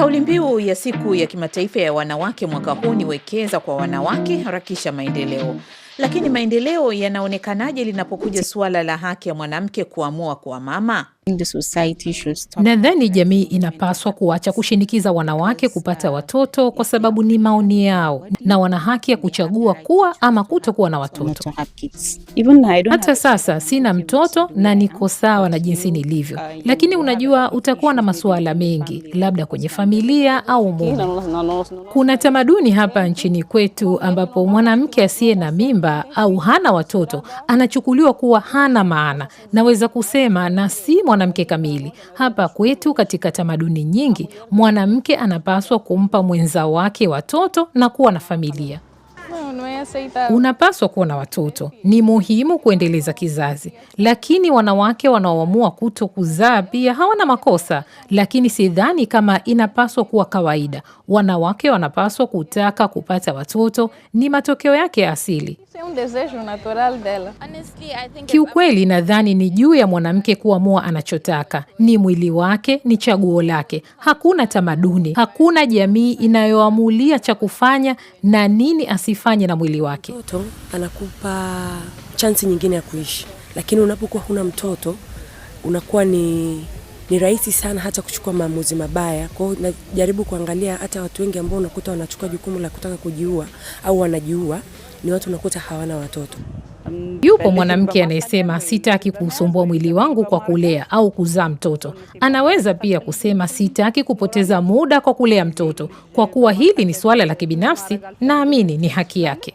Kauli mbiu ya siku ya kimataifa ya wanawake mwaka huu ni wekeza kwa wanawake, harakisha maendeleo. Lakini maendeleo yanaonekanaje linapokuja suala la haki ya mwanamke kuamua kuwa mama? Nadhani jamii inapaswa kuacha kushinikiza wanawake kupata watoto kwa sababu ni maoni yao na wana haki ya kuchagua kuwa ama kutokuwa na watoto. Hata sasa sina mtoto na niko sawa na jinsi nilivyo, lakini unajua, utakuwa na masuala mengi, labda kwenye familia au mume. Kuna tamaduni hapa nchini kwetu ambapo mwanamke asiye na mimba au hana watoto anachukuliwa kuwa hana maana. Naweza kusema na si mwana mwanamke kamili. Hapa kwetu, katika tamaduni nyingi, mwanamke anapaswa kumpa mwenza wake watoto na kuwa na familia. Unapaswa kuwa na watoto, ni muhimu kuendeleza kizazi, lakini wanawake wanaoamua kuto kuzaa pia hawana makosa, lakini sidhani kama inapaswa kuwa kawaida. Wanawake wanapaswa kutaka kupata watoto, ni matokeo yake ya asili. Kiukweli nadhani ni juu ya mwanamke kuamua anachotaka. Ni mwili wake, ni chaguo lake. Hakuna tamaduni, hakuna jamii inayoamulia cha kufanya na nini asifanye na mwili wake. Mtoto anakupa chansi nyingine ya kuishi, lakini unapokuwa huna mtoto unakuwa ni ni rahisi sana hata kuchukua maamuzi mabaya. Kwa hiyo najaribu kuangalia hata watu wengi ambao unakuta wanachukua jukumu la kutaka kujiua au wanajiua ni watu unakuta hawana watoto. Yupo mwanamke anayesema sitaki kuusumbua mwili wangu kwa kulea au kuzaa mtoto. Anaweza pia kusema sitaki kupoteza muda kwa kulea mtoto, kwa kuwa hili ni suala la kibinafsi, naamini ni haki yake.